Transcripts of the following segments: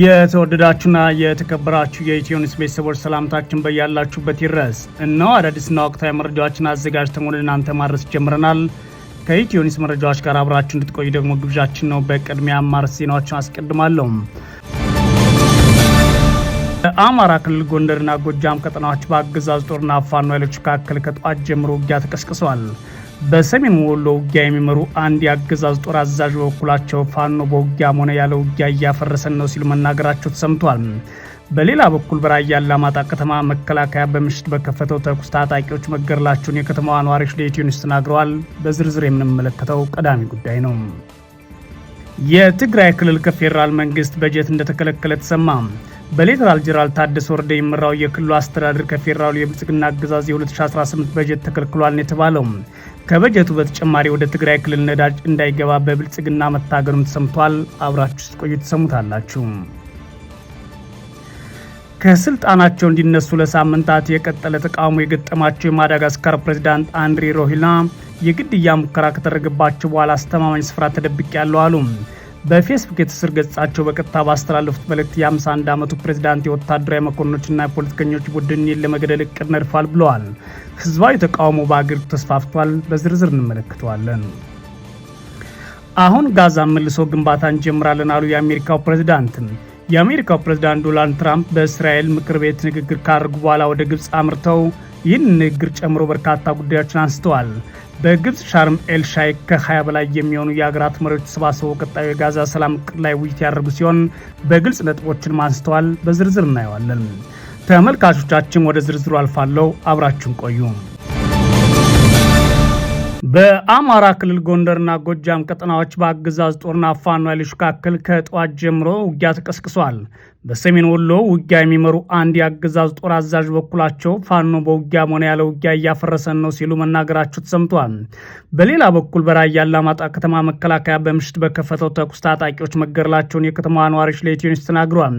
የተወደዳችሁና የተከበራችሁ የኢትዮ ኒውስ ቤተሰቦች ሰላምታችን በያላችሁበት ይድረስ። እነሆ አዳዲስና ወቅታዊ መረጃዎችን አዘጋጅተን ወደ እናንተ ማድረስ ጀምረናል። ከኢትዮኒስ መረጃዎች ጋር አብራችሁ እንድትቆዩ ደግሞ ግብዣችን ነው። በቅድሚያ አማርስ ዜናዎችን አስቀድማለሁ። በአማራ ክልል ጎንደርና ጎጃም ቀጠናዎች በአገዛዝ ጦርና ፋኖ ኃይሎች መካከል ከጠዋት ጀምሮ ውጊያ ተቀስቅሷል። በሰሜን ወሎ ውጊያ የሚመሩ አንድ የአገዛዝ ጦር አዛዥ በበኩላቸው ፋኖ በውጊያም ሆነ ያለ ውጊያ እያፈረሰን ነው ሲሉ መናገራቸው ተሰምቷል። በሌላ በኩል በራያ አላማጣ ከተማ መከላከያ በምሽት በከፈተው ተኩስ ታጣቂዎች መገደላቸውን የከተማዋ ነዋሪዎች ለኢትዮ ኒውስ ተናግረዋል። በዝርዝር የምንመለከተው ቀዳሚ ጉዳይ ነው። የትግራይ ክልል ከፌዴራል መንግስት በጀት እንደተከለከለ ተሰማ። በሌተናል ጄኔራል ታደሰ ወረደ የሚመራው የክልሉ አስተዳደር ከፌዴራሉ የብልጽግና አገዛዝ የ2018 በጀት ተከልክሏል የተባለው ከበጀቱ በተጨማሪ ወደ ትግራይ ክልል ነዳጅ እንዳይገባ በብልጽግና መታገዱም ተሰምቷል። አብራችሁ ስትቆዩ ትሰሙታላችሁ። ከስልጣናቸው እንዲነሱ ለሳምንታት የቀጠለ ተቃውሞ የገጠማቸው የማዳጋስካር ፕሬዚዳንት አንድሪ ሮሂላ የግድያ ሙከራ ከተደረገባቸው በኋላ አስተማማኝ ስፍራ ተደብቅ ያለው አሉ። በፌስቡክ የትስስር ገጻቸው በቀጥታ ባስተላለፉት መልእክት የ51 ዓመቱ ፕሬዚዳንት የወታደራዊ መኮንኖችና የፖለቲከኞች ቡድን ለመገደል እቅድ ነድፏል ብለዋል። ህዝባዊ ተቃውሞ በአገሪቱ ተስፋፍቷል። በዝርዝር እንመለከተዋለን። አሁን ጋዛ መልሶ ግንባታ እንጀምራለን አሉ የአሜሪካው ፕሬዚዳንት። የአሜሪካው ፕሬዚዳንት ዶናልድ ትራምፕ በእስራኤል ምክር ቤት ንግግር ካደረጉ በኋላ ወደ ግብፅ አምርተው ይህን ንግግር ጨምሮ በርካታ ጉዳዮችን አንስተዋል። በግብፅ ሻርም ኤል ሻይክ ከ20 በላይ የሚሆኑ የሀገራት መሪዎች ተሰባስበው ቀጣዩ የጋዛ ሰላም እቅድ ላይ ውይይት ያደርጉ ሲሆን በግልጽ ነጥቦችን አንስተዋል። በዝርዝር እናየዋለን። ተመልካቾቻችን ወደ ዝርዝሩ አልፋለሁ። አብራችን ቆዩ። በአማራ ክልል ጎንደርና ጎጃም ቀጠናዎች በአገዛዝ ጦርና ፋኖ ኃይሎች መካከል ከጠዋት ጀምሮ ውጊያ ተቀስቅሷል። በሰሜን ወሎ ውጊያ የሚመሩ አንድ የአገዛዝ ጦር አዛዥ በኩላቸው ፋኖ በውጊያ ሆነ ያለ ውጊያ እያፈረሰን ነው ሲሉ መናገራቸው ተሰምቷል። በሌላ በኩል በራያ አላማጣ ከተማ መከላከያ በምሽት በከፈተው ተኩስ ታጣቂዎች መገደላቸውን የከተማዋ ነዋሪዎች ለኢትዮ ኒውስ ተናግሯል።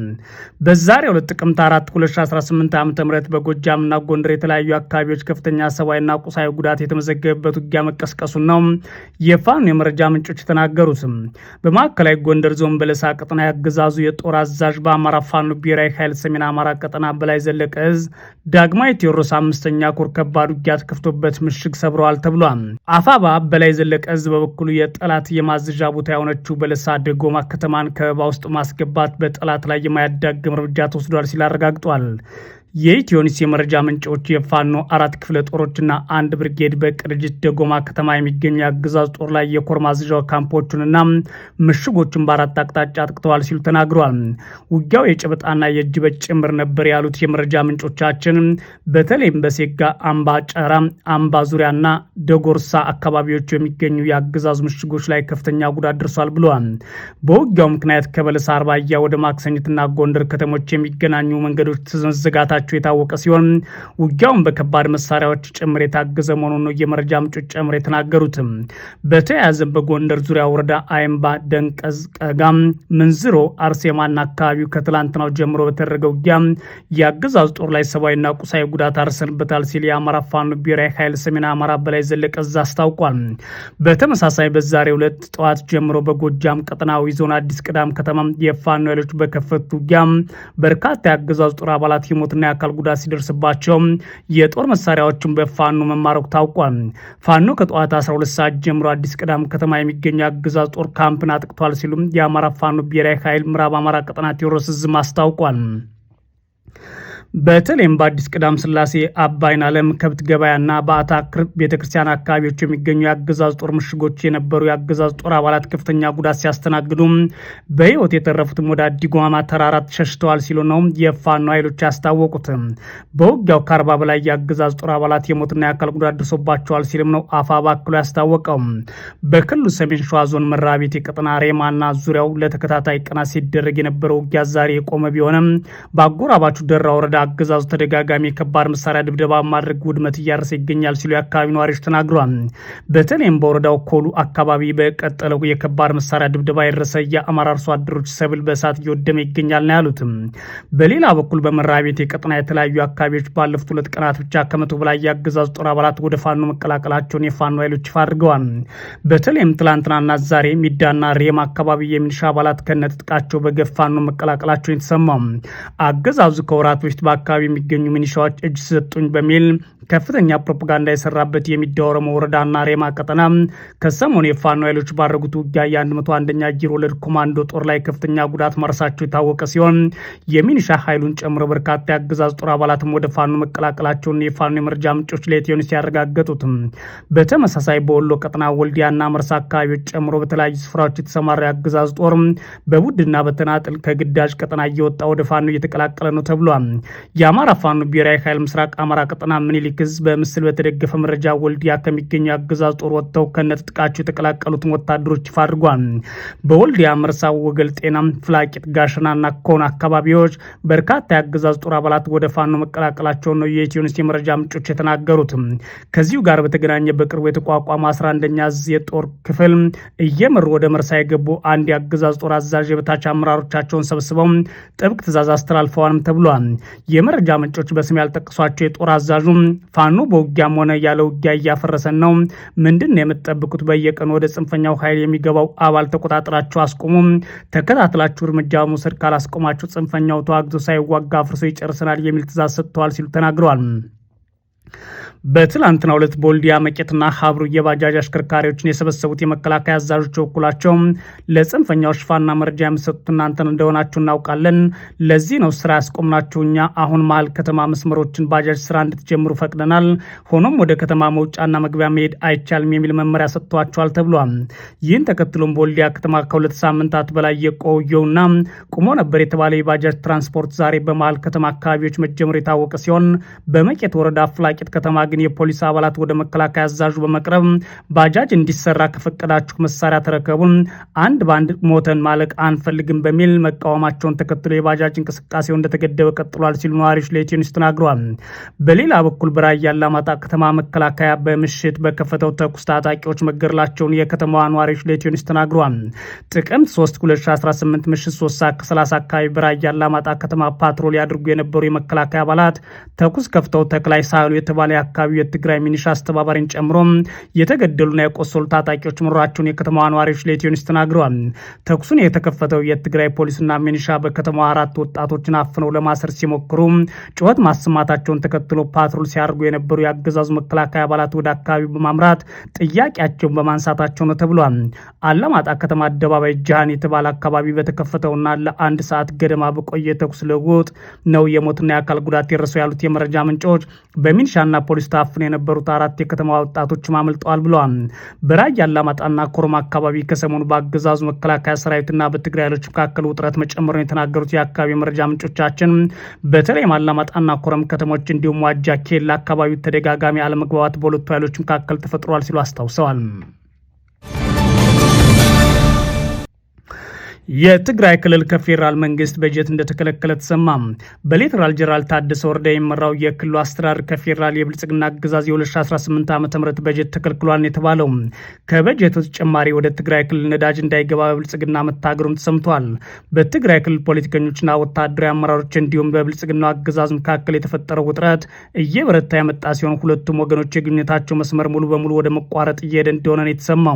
በዛሬው ዕለት ጥቅምት 4 2018 ዓ ም በጎጃምና ጎንደር የተለያዩ አካባቢዎች ከፍተኛ ሰብአዊና ቁሳዊ ጉዳት የተመዘገበበት ውጊያ መቀስቀሱን ነው የፋኖ የመረጃ ምንጮች የተናገሩት። በማዕከላዊ ጎንደር ዞን በለሳ ቅጥና ያገዛዙ የጦር አዛዥ በአማ የአማራ ፋኖ ብሔራዊ ኃይል ሰሜን አማራ ቀጠና በላይ ዘለቀ እዝ ዳግማዊ ቴዎድሮስ አምስተኛ ኮር ከባድ ውጊያ ተከፍቶበት ምሽግ ሰብረዋል ተብሏል። አፋባ በላይ ዘለቀ እዝ በበኩሉ የጠላት የማዘዣ ቦታ የሆነችው በለሳ ደጎማ ከተማን ከበባ ውስጥ ማስገባት በጠላት ላይ የማያዳግም እርምጃ ተወስዷል ሲል አረጋግጧል። የኢትዮኒስ የመረጃ ምንጮች የፋኖ አራት ክፍለ ጦሮችና አንድ ብርጌድ በቅርጅት ደጎማ ከተማ የሚገኙ የአገዛዝ ጦር ላይ የኮር ማዘዣ ካምፖቹንና ምሽጎቹን በአራት አቅጣጫ አጥቅተዋል ሲሉ ተናግረዋል። ውጊያው የጨበጣና የእጅ ጭምር ነበር ያሉት የመረጃ ምንጮቻችን በተለይም በሴጋ አምባ፣ ጨራ አምባ ዙሪያና ደጎርሳ አካባቢዎች የሚገኙ የአገዛዝ ምሽጎች ላይ ከፍተኛ ጉዳት ደርሷል ብለዋል። በውጊያው ምክንያት ከበለሳ አርባያ ወደ ማክሰኝትና ጎንደር ከተሞች የሚገናኙ መንገዶች ተዘጋታቸው መሆናቸው የታወቀ ሲሆን ውጊያውን በከባድ መሳሪያዎች ጭምር የታገዘ መሆኑን ነው የመረጃ ምንጮች ጨምር የተናገሩትም። በተያያዘ በጎንደር ዙሪያ ወረዳ አይምባ፣ ደንቀዝ፣ ቀጋም፣ ምንዝሮ፣ አርሴማና አካባቢው ከትላንትናው ጀምሮ በተደረገ ውጊያ የአገዛዝ ጦር ላይ ሰብአዊና ቁሳዊ ጉዳት አርሰንበታል ሲል የአማራ ፋኖ ብሔራዊ ኃይል ሰሜን አማራ በላይ ዘለቀ እዝ አስታውቋል። በተመሳሳይ በዛሬ ሁለት ጠዋት ጀምሮ በጎጃም ቀጠናዊ ዞን አዲስ ቅዳም ከተማ የፋኖ ኃይሎች በከፈቱ ውጊያ በርካታ የአገዛዝ ጦር አባላት የሞትና የአካል ጉዳት ሲደርስባቸው የጦር መሳሪያዎችን በፋኖ መማረኩ ታውቋል። ፋኖ ከጠዋት 12 ሰዓት ጀምሮ አዲስ ቅዳም ከተማ የሚገኙ አገዛዝ ጦር ካምፕን አጥቅቷል ሲሉም የአማራ ፋኖ ብሔራዊ ኃይል ምዕራብ አማራ ቀጠና ቴዎድሮስ ዝም አስታውቋል። በተለይም በአዲስ ቅዳም ስላሴ አባይን አለም ከብት ገበያና በአታ ቤተክርስቲያን አካባቢዎች የሚገኙ የአገዛዝ ጦር ምሽጎች የነበሩ የአገዛዝ ጦር አባላት ከፍተኛ ጉዳት ሲያስተናግዱ በህይወት የተረፉትም ወደ አዲጓማ ተራራት ሸሽተዋል ሲሉ ነው የፋኖ ኃይሎች ያስታወቁት። በውጊያው ከአርባ በላይ የአገዛዝ ጦር አባላት የሞትና የአካል ጉዳት ደርሶባቸዋል ሲልም ነው አፋ ባክሎ ያስታወቀው። በክልሉ ሰሜን ሸዋ ዞን መራቤቴ ቀጠና ሬማና ዙሪያው ለተከታታይ ቀናት ሲደረግ የነበረው ውጊያ ዛሬ የቆመ ቢሆንም በአጎራባቹ ደራ ወረዳ አገዛዙ ተደጋጋሚ የከባድ መሳሪያ ድብደባ ማድረግ ውድመት እያረሰ ይገኛል ሲሉ የአካባቢ ነዋሪዎች ተናግረዋል። በተለይም በወረዳው ኮሉ አካባቢ በቀጠለው የከባድ መሳሪያ ድብደባ የደረሰ የአማራ አርሶ አደሮች ሰብል በእሳት እየወደመ ይገኛል ነው ያሉትም። በሌላ በኩል በመራ ቤት ቀጠና የተለያዩ አካባቢዎች ባለፉት ሁለት ቀናት ብቻ ከመቶ በላይ የአገዛዙ ጦር አባላት ወደ ፋኖ መቀላቀላቸውን የፋኖ ኃይሎች ይፋ አድርገዋል። በተለይም ትላንትናና ዛሬ ሚዳና ሬማ አካባቢ የሚሊሻ አባላት ከነጥጥቃቸው በገፋኖ መቀላቀላቸውን የተሰማው አገዛዙ ከወራት በፊት በአካባቢ የሚገኙ ሚኒሻዎች እጅ ሰጡኝ በሚል ከፍተኛ ፕሮፓጋንዳ የሰራበት የሚዳወረመው ኦሮሞ ወረዳና ሬማ ቀጠና ከሰሞኑ የፋኖ ኃይሎች ባደረጉት ውጊያ የ101ኛ አየር ወለድ ኮማንዶ ጦር ላይ ከፍተኛ ጉዳት ማድረሳቸው የታወቀ ሲሆን የሚኒሻ ኃይሉን ጨምሮ በርካታ የአገዛዝ ጦር አባላትም ወደ ፋኖ መቀላቀላቸውን የፋኖ የመረጃ ምንጮች ለኢትዮ ያረጋገጡት። በተመሳሳይ በወሎ ቀጠና ወልዲያና መርሳ አካባቢዎች ጨምሮ በተለያዩ ስፍራዎች የተሰማራ የአገዛዝ ጦር በቡድንና በተናጥል ከግዳጅ ቀጠና እየወጣ ወደ ፋኖ እየተቀላቀለ ነው ተብሏል። የአማራ ፋኖ ብሔራዊ ኃይል ምስራቅ አማራ ቀጠና ምኒልክ ዕዝ በምስል በተደገፈ መረጃ ወልዲያ ከሚገኙ አገዛዝ ጦር ወጥተው ከነ ትጥቃቸው የተቀላቀሉትን ወታደሮች ይፋ አድርጓል። በወልዲያ መርሳ፣ ወገል ጤና፣ ፍላቂት፣ ጋሸናና ኮን አካባቢዎች በርካታ የአገዛዝ ጦር አባላት ወደ ፋኖ መቀላቀላቸውን ነው የኢትዮንስ የመረጃ ምንጮች የተናገሩት። ከዚሁ ጋር በተገናኘ በቅርቡ የተቋቋመ 11ኛ ዕዝ የጦር ክፍል እየመሩ ወደ መርሳ የገቡ አንድ የአገዛዝ ጦር አዛዥ የበታች አመራሮቻቸውን ሰብስበው ጥብቅ ትእዛዝ አስተላልፈዋልም ተብሏል። የመረጃ ምንጮች በስም ያልጠቀሷቸው የጦር አዛዡ ፋኖ በውጊያም ሆነ ያለ ውጊያ እያፈረሰን ነው፣ ምንድን ነው የምትጠብቁት? በየቀኑ ወደ ጽንፈኛው ኃይል የሚገባው አባል ተቆጣጥራችሁ አስቁሙ። ተከታትላችሁ እርምጃ መውሰድ ካላስቆማችሁ ጽንፈኛው ተዋግዞ ሳይዋጋ አፍርሶ ይጨርሰናል የሚል ትእዛዝ ሰጥተዋል ሲሉ ተናግረዋል። በትላንትና ሁለት ቦልዲያ መቄትና ሀብሩ የባጃጅ አሽከርካሪዎችን የሰበሰቡት የመከላከያ አዛዦች በኩላቸው ለጽንፈኛው ሽፋና መረጃ የምሰጡት እናንተን እንደሆናችሁ እናውቃለን። ለዚህ ነው ስራ ያስቆምናችሁ። እኛ አሁን መሀል ከተማ መስመሮችን ባጃጅ ስራ እንድትጀምሩ ፈቅደናል። ሆኖም ወደ ከተማ መውጫና መግቢያ መሄድ አይቻልም የሚል መመሪያ ሰጥተዋቸዋል ተብሏል። ይህን ተከትሎም ቦልዲያ ከተማ ከሁለት ሳምንታት በላይ የቆየውና ቁሞ ነበር የተባለ የባጃጅ ትራንስፖርት ዛሬ በመሀል ከተማ አካባቢዎች መጀመሩ የታወቀ ሲሆን በመቄት ወረዳ ፍላ በወልቃይት ከተማ ግን የፖሊስ አባላት ወደ መከላከያ አዛዡ በመቅረብ ባጃጅ እንዲሰራ ከፈቀዳችሁ መሳሪያ ተረከቡን፣ አንድ በአንድ ሞተን ማለቅ አንፈልግም በሚል መቃወማቸውን ተከትሎ የባጃጅ እንቅስቃሴው እንደተገደበ ቀጥሏል ሲሉ ነዋሪዎች ለኢትዮ ኒውስ ተናግረዋል። በሌላ በኩል በራያ አላማጣ ከተማ መከላከያ በምሽት በከፈተው ተኩስ ታጣቂዎች መገደላቸውን የከተማዋ ነዋሪዎች ለኢትዮ ኒውስ ተናግረዋል። ጥቅምት 3 2018 ምሽት 3 ሰዓት ከ30 አካባቢ በራያ አላማጣ ከተማ ፓትሮል ያድርጉ የነበሩ የመከላከያ አባላት ተኩስ ከፍተው ተክላይ ሳህሉ የተባለ የአካባቢው የትግራይ ሚኒሻ አስተባባሪን ጨምሮ የተገደሉና የቆሰሉ ታጣቂዎች መኖራቸውን የከተማዋ ነዋሪዎች ለኢትዮኒስ ተናግረዋል። ተኩሱን የተከፈተው የትግራይ ፖሊስና ሚኒሻ በከተማዋ አራት ወጣቶችን አፍነው ለማሰር ሲሞክሩ ጩኸት ማሰማታቸውን ተከትሎ ፓትሮል ሲያደርጉ የነበሩ የአገዛዙ መከላከያ አባላት ወደ አካባቢው በማምራት ጥያቄያቸውን በማንሳታቸው ነው ተብሏል። አላማጣ ከተማ አደባባይ ጃሃን የተባለ አካባቢ በተከፈተውና ለአንድ ሰዓት ገደማ በቆየ ተኩስ ልውውጥ ነው የሞትና የአካል ጉዳት የደረሰው ያሉት የመረጃ ምንጮች በሚኒ ሚሊሻና ፖሊስ ታፍነው የነበሩት አራት የከተማ ወጣቶችም አመልጠዋል ብለዋል። በራያ አላማጣና ኮረም አካባቢ ከሰሞኑ በአገዛዙ መከላከያ ሰራዊትና በትግራይ ኃይሎች መካከል ውጥረት መጨመሩን የተናገሩት የአካባቢ መረጃ ምንጮቻችን በተለይም አላማጣና ኮረም ከተሞች እንዲሁም ዋጃ ኬላ አካባቢ ተደጋጋሚ አለመግባባት በሁለቱ ኃይሎች መካከል ተፈጥሯል ሲሉ አስታውሰዋል። የትግራይ ክልል ከፌዴራል መንግስት በጀት እንደተከለከለ ተሰማ። በሌተናል ጀነራል ታደሰ ወረዳ የሚመራው የክልሉ አስተዳደር ከፌዴራል የብልጽግና አገዛዝ የ2018 ዓ ም በጀት ተከልክሏል የተባለው ከበጀቱ ተጨማሪ ወደ ትግራይ ክልል ነዳጅ እንዳይገባ በብልጽግና መታገሩም ተሰምቷል። በትግራይ ክልል ፖለቲከኞችና ወታደራዊ አመራሮች እንዲሁም በብልጽግና አገዛዝ መካከል የተፈጠረው ውጥረት እየበረታ የመጣ ሲሆን ሁለቱም ወገኖች የግንኙነታቸው መስመር ሙሉ በሙሉ ወደ መቋረጥ እየሄደ እንደሆነ ነው የተሰማው።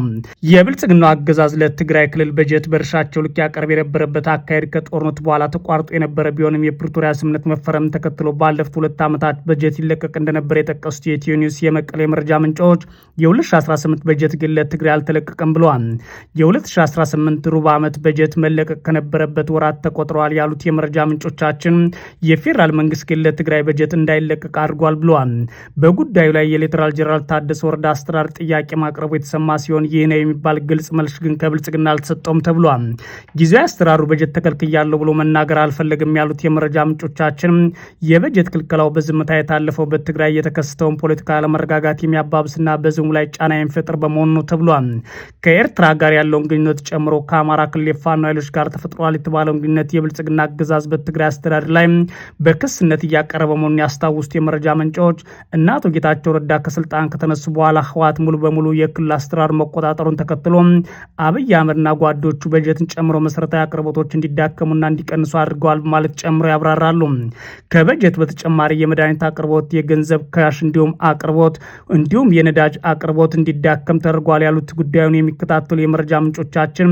የብልጽግና አገዛዝ ለትግራይ ክልል በጀት በእርሻቸው ልክ ያቀርብ የነበረበት አካሄድ ከጦርነት በኋላ ተቋርጦ የነበረ ቢሆንም የፕሪቶሪያ ስምምነት መፈረም ተከትሎ ባለፉት ሁለት ዓመታት በጀት ይለቀቅ እንደነበረ የጠቀሱት የኢትዮ ኒውስ የመቀሌ መረጃ ምንጮች የ2018 በጀት ግን ለትግራይ አልተለቀቀም ብለዋል። የ2018 ሩብ ዓመት በጀት መለቀቅ ከነበረበት ወራት ተቆጥረዋል ያሉት የመረጃ ምንጮቻችን የፌዴራል መንግስት ግን ለትግራይ በጀት እንዳይለቀቅ አድርጓል ብለዋል። በጉዳዩ ላይ የሌተናል ጀራል ታደሰ ወረዳ አስተዳደር ጥያቄ ማቅረቡ የተሰማ ሲሆን ይህ ነው የሚባል ግልጽ መልስ ግን ከብልጽግና አልተሰጠውም ተብሏል። ጊዜ አስተዳደሩ በጀት ተከልክያለሁ ብሎ መናገር አልፈለግም ያሉት የመረጃ ምንጮቻችን የበጀት ክልከላው በዝምታ የታለፈው በትግራይ የተከሰተውን ፖለቲካ አለመረጋጋት የሚያባብስና በዝሙ ላይ ጫና የሚፈጥር በመሆኑ ነው ተብሏል። ከኤርትራ ጋር ያለውን ግንኙነት ጨምሮ ከአማራ ክልል የፋኖ ኃይሎች ጋር ተፈጥሯል የተባለውን ግንኙነት የብልጽግና አገዛዝ በትግራይ አስተዳደር ላይ በክስነት እያቀረበ መሆኑን ያስታውሱት የመረጃ ምንጮች እና አቶ ጌታቸው ረዳ ከስልጣን ከተነሱ በኋላ ህወሓት ሙሉ በሙሉ የክልል አስተራር መቆጣጠሩን ተከትሎ አብይ አህመድና ጓዶቹ በጀትን ጨምሮ ጨምሮ መሰረታዊ አቅርቦቶች እንዲዳከሙና እንዲቀንሱ አድርገዋል በማለት ጨምሮ ያብራራሉ። ከበጀት በተጨማሪ የመድኃኒት አቅርቦት፣ የገንዘብ ካሽ እንዲሁም አቅርቦት እንዲሁም የነዳጅ አቅርቦት እንዲዳከም ተደርጓል ያሉት ጉዳዩን የሚከታተሉ የመረጃ ምንጮቻችን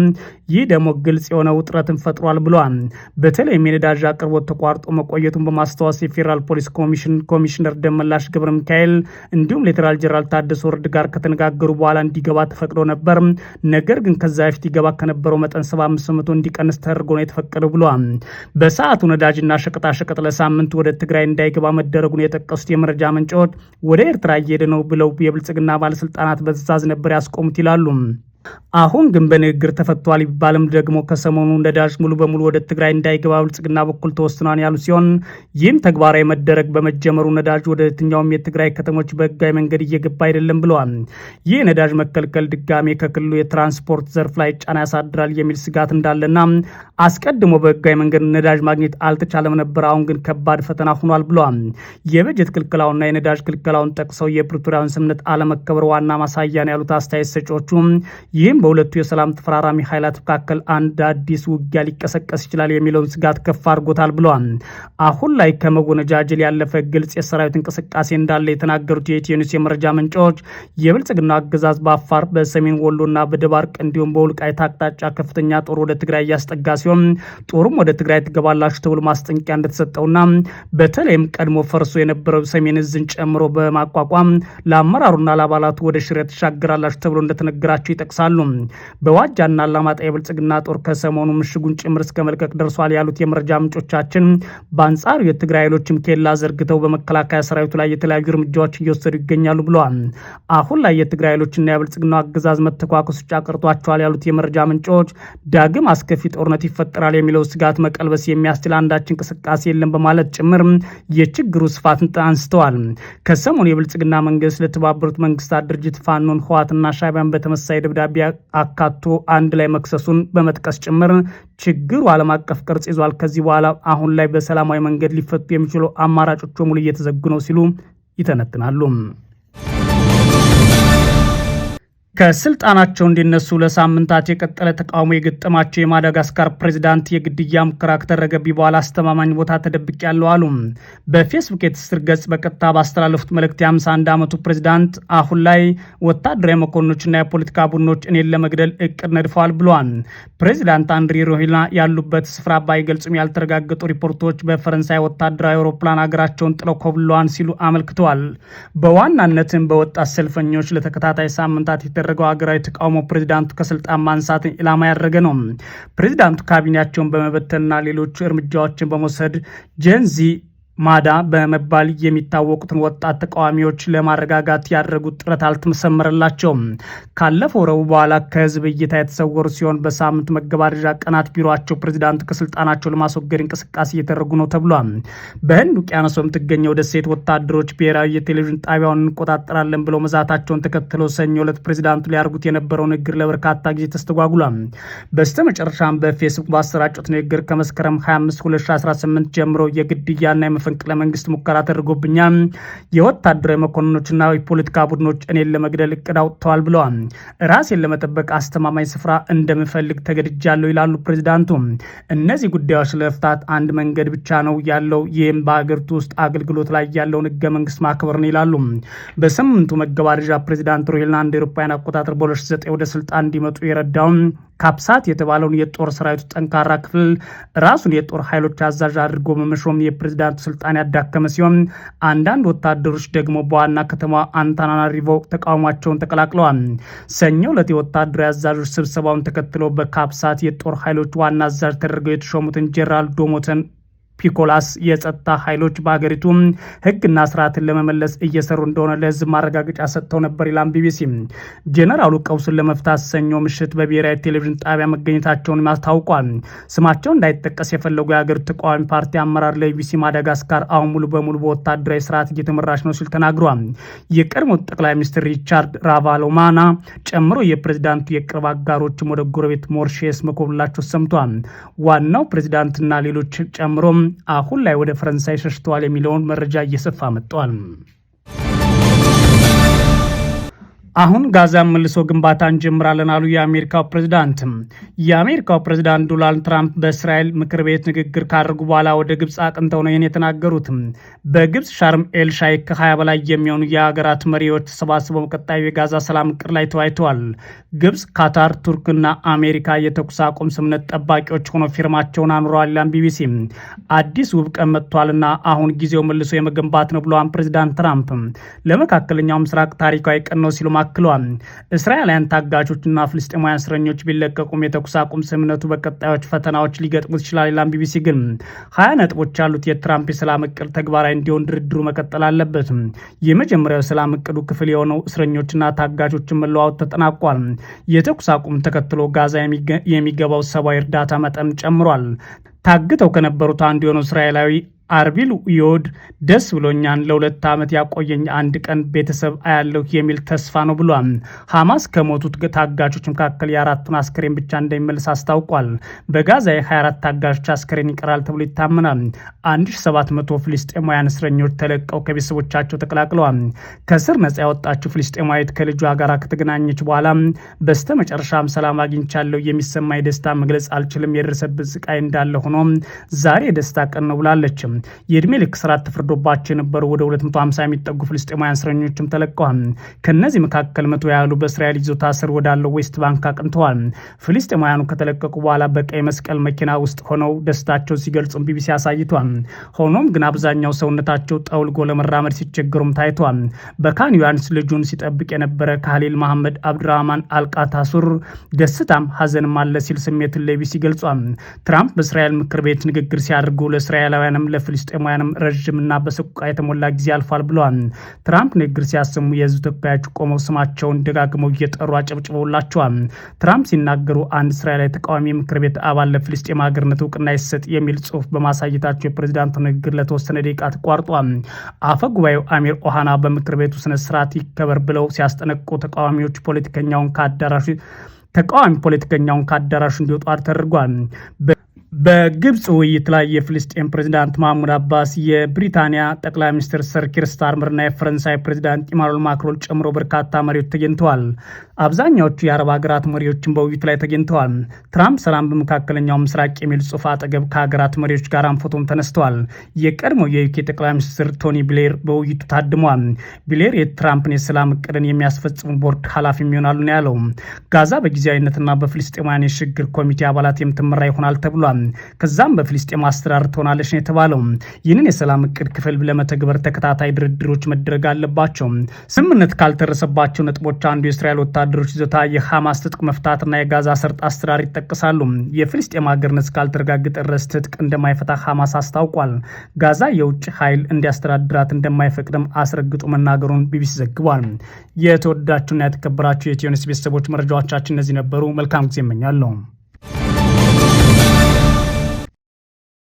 ይህ ደግሞ ግልጽ የሆነ ውጥረትን ፈጥሯል ብሏል። በተለይም የነዳጅ አቅርቦት ተቋርጦ መቆየቱን በማስታወስ የፌዴራል ፖሊስ ኮሚሽን ኮሚሽነር ደመላሽ ገብረ ሚካኤል እንዲሁም ሌተናል ጄኔራል ታደሰ ወረደ ጋር ከተነጋገሩ በኋላ እንዲገባ ተፈቅዶ ነበር። ነገር ግን ከዛ በፊት ይገባ ከነበረው መጠን 75 በመቶ እንዲቀንስ ተደርጎ ነው የተፈቀደው ብሏል። በሰዓቱ ነዳጅና ሸቀጣሸቀጥ ለሳምንት ወደ ትግራይ እንዳይገባ መደረጉን የጠቀሱት የመረጃ ምንጮች ወደ ኤርትራ እየሄደ ነው ብለው የብልጽግና ባለስልጣናት በትዕዛዝ ነበር ያስቆሙት ይላሉ። አሁን ግን በንግግር ተፈቷል ቢባልም ደግሞ ከሰሞኑ ነዳጅ ሙሉ በሙሉ ወደ ትግራይ እንዳይገባ ብልጽግና በኩል ተወስኗል ያሉ ሲሆን ይህም ተግባራዊ መደረግ በመጀመሩ ነዳጅ ወደ የትኛውም የትግራይ ከተሞች በህጋዊ መንገድ እየገባ አይደለም ብለዋል። ይህ ነዳጅ መከልከል ድጋሜ ከክልሉ የትራንስፖርት ዘርፍ ላይ ጫና ያሳድራል የሚል ስጋት እንዳለና አስቀድሞ በህጋዊ መንገድ ነዳጅ ማግኘት አልተቻለም ነበር፣ አሁን ግን ከባድ ፈተና ሆኗል ብለዋል። የበጀት ክልክላውና የነዳጅ ክልከላውን ጠቅሰው የፕሪቶሪያውን ስምምነት አለመከበር ዋና ማሳያ ነው ያሉት አስተያየት ሰጪዎቹ ይህም በሁለቱ የሰላም ተፈራራሚ ኃይላት መካከል አንድ አዲስ ውጊያ ሊቀሰቀስ ይችላል የሚለውን ስጋት ከፍ አድርጎታል ብለዋል። አሁን ላይ ከመወነጃጀል ያለፈ ግልጽ የሰራዊት እንቅስቃሴ እንዳለ የተናገሩት የኢትዮኒስ የመረጃ ምንጮች የብልጽግና አገዛዝ በአፋር በሰሜን ወሎና በደባርቅ እንዲሁም በውልቃይት አቅጣጫ ከፍተኛ ጦር ወደ ትግራይ እያስጠጋ ሲሆን ጦሩም ወደ ትግራይ ትገባላችሁ ተብሎ ማስጠንቀቂያ እንደተሰጠውና በተለይም ቀድሞ ፈርሶ የነበረው ሰሜን እዝን ጨምሮ በማቋቋም ለአመራሩና ለአባላቱ ወደ ሽሬ ትሻገራላችሁ ተብሎ እንደተነገራቸው ይጠቅሳል። ይጠቀሳሉ። በዋጃና አላማጣ የብልጽግና ጦር ከሰሞኑ ምሽጉን ጭምር እስከ መልቀቅ ደርሷል ያሉት የመረጃ ምንጮቻችን፣ በአንጻሩ የትግራይ ኃይሎችም ኬላ ዘርግተው በመከላከያ ሰራዊቱ ላይ የተለያዩ እርምጃዎች እየወሰዱ ይገኛሉ ብለዋል። አሁን ላይ የትግራይ ኃይሎችና የብልጽግናው አገዛዝ መተኳኮስ ውጭ አቅርቷቸዋል ያሉት የመረጃ ምንጮች ዳግም አስከፊ ጦርነት ይፈጠራል የሚለው ስጋት መቀልበስ የሚያስችል አንዳች እንቅስቃሴ የለም በማለት ጭምር የችግሩ ስፋትን አንስተዋል። ከሰሞኑ የብልጽግና መንግስት ለተባበሩት መንግስታት ድርጅት ፋኖን፣ ህዋትና ሻቢያን በተመሳሳይ ደብዳቤ ደብዳቤ አካቶ አንድ ላይ መክሰሱን በመጥቀስ ጭምር ችግሩ ዓለም አቀፍ ቅርጽ ይዟል። ከዚህ በኋላ አሁን ላይ በሰላማዊ መንገድ ሊፈቱ የሚችሉ አማራጮች በሙሉ እየተዘጉ ነው ሲሉ ይተነትናሉ። ከስልጣናቸው እንዲነሱ ለሳምንታት የቀጠለ ተቃውሞ የገጠማቸው የማዳጋስካር ፕሬዚዳንት የግድያ ሙከራ ከተደረገብኝ በኋላ አስተማማኝ ቦታ ተደብቅ ያለው አሉ። በፌስቡክ የትስስር ገጽ በቀጥታ ባስተላለፉት መልእክት የ51 ዓመቱ ፕሬዚዳንት አሁን ላይ ወታደራዊ መኮንኖችና የፖለቲካ ቡድኖች እኔን ለመግደል እቅድ ነድፈዋል ብሏል። ፕሬዚዳንት አንድሪ ሮሂላ ያሉበት ስፍራ ባይገልጹም ያልተረጋገጡ ሪፖርቶች በፈረንሳይ ወታደራዊ አውሮፕላን ሀገራቸውን ጥለው ኮብለዋን ሲሉ አመልክተዋል። በዋናነትም በወጣት ሰልፈኞች ለተከታታይ ሳምንታት ያደረገው ሀገራዊ ተቃውሞ ፕሬዚዳንቱ ከስልጣን ማንሳትን ኢላማ ያደረገ ነው። ፕሬዚዳንቱ ካቢኔያቸውን በመበተንና ሌሎቹ እርምጃዎችን በመውሰድ ጄንዚ ማዳ በመባል የሚታወቁትን ወጣት ተቃዋሚዎች ለማረጋጋት ያደረጉት ጥረት አልተሰመረላቸውም። ካለፈው ረቡዕ በኋላ ከህዝብ እይታ የተሰወሩ ሲሆን በሳምንት መገባደጃ ቀናት ቢሮቸው ፕሬዚዳንቱ ከስልጣናቸው ለማስወገድ እንቅስቃሴ እየተደረጉ ነው ተብሏል። በህንድ ውቅያኖስ በምትገኘው ደሴት ወታደሮች ብሔራዊ የቴሌቪዥን ጣቢያውን እንቆጣጠራለን ብለው መዛታቸውን ተከትለው ሰኞ ዕለት ፕሬዚዳንቱ ሊያደርጉት የነበረው ንግግር ለበርካታ ጊዜ ተስተጓጉሏል። በስተ መጨረሻም በፌስቡክ ባሰራጩት ንግግር ከመስከረም 25 2018 ጀምሮ የግድያና የመፈንቅለ መንግስት ሙከራ ተደርጎብኛል። የወታደራዊ መኮንኖችና የፖለቲካ ቡድኖች እኔን ለመግደል እቅድ አውጥተዋል ብለዋል። ራሴን ለመጠበቅ አስተማማኝ ስፍራ እንደምፈልግ ተገድጃለሁ ይላሉ ፕሬዚዳንቱ። እነዚህ ጉዳዮች ለመፍታት አንድ መንገድ ብቻ ነው ያለው፣ ይህም በሀገሪቱ ውስጥ አገልግሎት ላይ ያለውን ህገ መንግስት ማክበር ነው ይላሉ። በስምንቱ መገባደጃ ፕሬዚዳንት ሮይልና እንደ አውሮፓውያን አቆጣጠር በ2009 ወደ ስልጣን እንዲመጡ የረዳውን ካፕሳት የተባለውን የጦር ሰራዊት ጠንካራ ክፍል ራሱን የጦር ኃይሎች አዛዥ አድርጎ መመሾም የፕሬዚዳንቱ ስልጣን ያዳከመ ሲሆን አንዳንድ ወታደሮች ደግሞ በዋና ከተማ አንታናናሪቮ ተቃውሟቸውን ተቀላቅለዋል። ሰኞ ዕለት የወታደራዊ አዛዦች ስብሰባውን ተከትሎ በካፕሳት የጦር ኃይሎች ዋና አዛዥ ተደርገው የተሾሙትን ጄኔራል ዶሞተን ፒኮላስ የጸጥታ ኃይሎች በሀገሪቱ ህግና ስርዓትን ለመመለስ እየሰሩ እንደሆነ ለህዝብ ማረጋገጫ ሰጥተው ነበር ይላም ቢቢሲ። ጄኔራሉ ቀውስን ለመፍታት ሰኞ ምሽት በብሔራዊ ቴሌቪዥን ጣቢያ መገኘታቸውን አስታውቋል። ስማቸው እንዳይጠቀስ የፈለጉ የሀገሪቱ ተቃዋሚ ፓርቲ አመራር ለቢቢሲ ማዳጋስካር አሁን ሙሉ በሙሉ በወታደራዊ ስርዓት እየተመራች ነው ሲል ተናግሯል። የቀድሞ ጠቅላይ ሚኒስትር ሪቻርድ ራቫሎማና ጨምሮ የፕሬዚዳንቱ የቅርብ አጋሮችም ወደ ጎረቤት ሞርሼስ መኮብላቸው ሰምቷል። ዋናው ፕሬዚዳንትና ሌሎች ጨምሮም አሁን ላይ ወደ ፈረንሳይ ሸሽተዋል የሚለውን መረጃ እየሰፋ መጥቷል። አሁን ጋዛን መልሶ ግንባታ እንጀምራለን አሉ የአሜሪካው ፕሬዝዳንት። የአሜሪካው ፕሬዝዳንት ዶናልድ ትራምፕ በእስራኤል ምክር ቤት ንግግር ካደረጉ በኋላ ወደ ግብፅ አቅንተው ነው ይህን የተናገሩት። በግብፅ ሻርም ኤል ሻይክ ከ በላይ የሚሆኑ የሀገራት መሪዎች ተሰባስበው ቀጣዩ የጋዛ ሰላም እቅድ ላይ ተወያይተዋል። ግብፅ፣ ካታር፣ ቱርክና አሜሪካ የተኩስ አቁም ስምነት ጠባቂዎች ሆኖ ፊርማቸውን አኑረዋል። ላም ቢቢሲ አዲስ ውብ ቀን መጥቷልና አሁን ጊዜው መልሶ የመገንባት ነው ብለዋን ፕሬዝዳንት ትራምፕ ለመካከለኛው ምስራቅ ታሪካዊ ቀን ነው ሲሉ አክሏል። እስራኤላውያን ታጋቾችና ፍልስጤማውያን እስረኞች ቢለቀቁም የተኩስ አቁም ስምምነቱ በቀጣዮች ፈተናዎች ሊገጥሙት ይችላል ይላል ቢቢሲ። ግን ሀያ ነጥቦች ያሉት የትራምፕ የሰላም እቅድ ተግባራዊ እንዲሆን ድርድሩ መቀጠል አለበት። የመጀመሪያው የሰላም እቅዱ ክፍል የሆነው እስረኞችና ታጋቾችን መለዋወጥ ተጠናቋል። የተኩስ አቁም ተከትሎ ጋዛ የሚገባው ሰብአዊ እርዳታ መጠን ጨምሯል። ታግተው ከነበሩት አንዱ የሆነው እስራኤላዊ አርቢል ዮድ ደስ ብሎኛን ለሁለት ዓመት ያቆየኝ አንድ ቀን ቤተሰብ አያለሁ የሚል ተስፋ ነው ብሏል። ሐማስ ከሞቱት ታጋቾች መካከል የአራቱን አስክሬን ብቻ እንደሚመልስ አስታውቋል። በጋዛ የ24 ታጋቾች አስክሬን ይቀራል ተብሎ ይታመናል። 1700 ፍልስጤማውያን እስረኞች ተለቀው ከቤተሰቦቻቸው ተቀላቅለዋል። ከስር ነጻ ያወጣችው ፍልስጤማዊት ከልጇ ጋር ከተገናኘች በኋላ በስተ መጨረሻም ሰላም አግኝቻለሁ የሚሰማ የደስታ መግለጽ አልችልም፣ የደረሰብን ስቃይ እንዳለ ሆኖ ዛሬ የደስታ ቀን ነው ብላለችም። የእድሜ ልክ ስርዓት ተፈርዶባቸው የነበሩ ወደ 250 የሚጠጉ ፍልስጤማውያን እስረኞችም ተለቀዋል። ከእነዚህ መካከል መቶ ያህሉ በእስራኤል ይዞታ ስር ወዳለው ዌስት ባንክ አቅንተዋል። ፍልስጤማውያኑ ከተለቀቁ በኋላ በቀይ መስቀል መኪና ውስጥ ሆነው ደስታቸው ሲገልጹም ቢቢሲ አሳይቷል። ሆኖም ግን አብዛኛው ሰውነታቸው ጠውልጎ ለመራመድ ሲቸገሩም ታይቷል። በካን ዮሐንስ ልጁን ሲጠብቅ የነበረ ካሊል መሐመድ አብድራህማን አልቃታሱር ደስታም ሀዘንም አለ ሲል ስሜትን ለቢቢሲ ገልጿል። ትራምፕ በእስራኤል ምክር ቤት ንግግር ሲያደርጉ ለእስራኤላውያንም ለፍልስጤማውያንም ረዥምና በስቁቃ የተሞላ ጊዜ አልፏል ብለዋል። ትራምፕ ንግግር ሲያሰሙ የህዝብ ተወካዮች ቆመው ስማቸውን ደጋግመው እየጠሩ አጨብጭበውላቸዋል። ትራምፕ ሲናገሩ አንድ እስራኤላዊ ተቃዋሚ ምክር ቤት አባል ለፍልስጤም ሀገርነት እውቅና ይሰጥ የሚል ጽሁፍ በማሳየታቸው የፕሬዚዳንቱ ንግግር ለተወሰነ ደቂቃ ተቋርጧል። አፈ ጉባኤው አሚር ኦሃና በምክር ቤቱ ስነስርዓት ይከበር ብለው ሲያስጠነቅቁ ተቃዋሚዎች ፖለቲከኛውን ከአዳራሹ ተቃዋሚ ፖለቲከኛውን ከአዳራሹ እንዲወጡ ተደርጓል። በግብፅ ውይይት ላይ የፍልስጤን ፕሬዚዳንት ማህሙድ አባስ የብሪታንያ ጠቅላይ ሚኒስትር ሰር ኪር ስታርመርና የፈረንሳይ ፕሬዚዳንት ኢማኑኤል ማክሮን ጨምሮ በርካታ መሪዎች ተገኝተዋል። አብዛኛዎቹ የአረብ ሀገራት መሪዎችን በውይይቱ ላይ ተገኝተዋል። ትራምፕ ሰላም በመካከለኛው ምስራቅ የሚል ጽሑፍ አጠገብ ከሀገራት መሪዎች ጋር አንፎቶም ተነስተዋል። የቀድሞው የዩኬ ጠቅላይ ሚኒስትር ቶኒ ብሌር በውይይቱ ታድመዋል። ብሌር የትራምፕን የሰላም እቅድን የሚያስፈጽሙ ቦርድ ኃላፊም ይሆናሉ ነው ያለው። ጋዛ በጊዜያዊነትና በፍልስጤማውያን የሽግግር ኮሚቴ አባላት የምትመራ ይሆናል ተብሏል። ከዛም በፍልስጤም አስተዳደር ትሆናለች ነው የተባለው። ይህንን የሰላም እቅድ ክፍል ለመተግበር ተከታታይ ድርድሮች መደረግ አለባቸው። ስምምነት ካልተረሰባቸው ነጥቦች አንዱ የእስራኤል ወታ ወታደሮች ይዞታ የሐማስ ትጥቅ መፍታትና የጋዛ ሰርጥ አስተራር ይጠቀሳሉ። የፍልስጤም ሀገርነት እስካልተረጋገጠ ድረስ ትጥቅ እንደማይፈታ ሐማስ አስታውቋል። ጋዛ የውጭ ኃይል እንዲያስተዳድራት እንደማይፈቅድም አስረግጦ መናገሩን ቢቢሲ ዘግቧል። የተወደዳችሁና የተከበራችሁ የኢትዮ ኒውስ ቤተሰቦች መረጃዎቻችን እነዚህ ነበሩ። መልካም ጊዜ እመኛለሁ።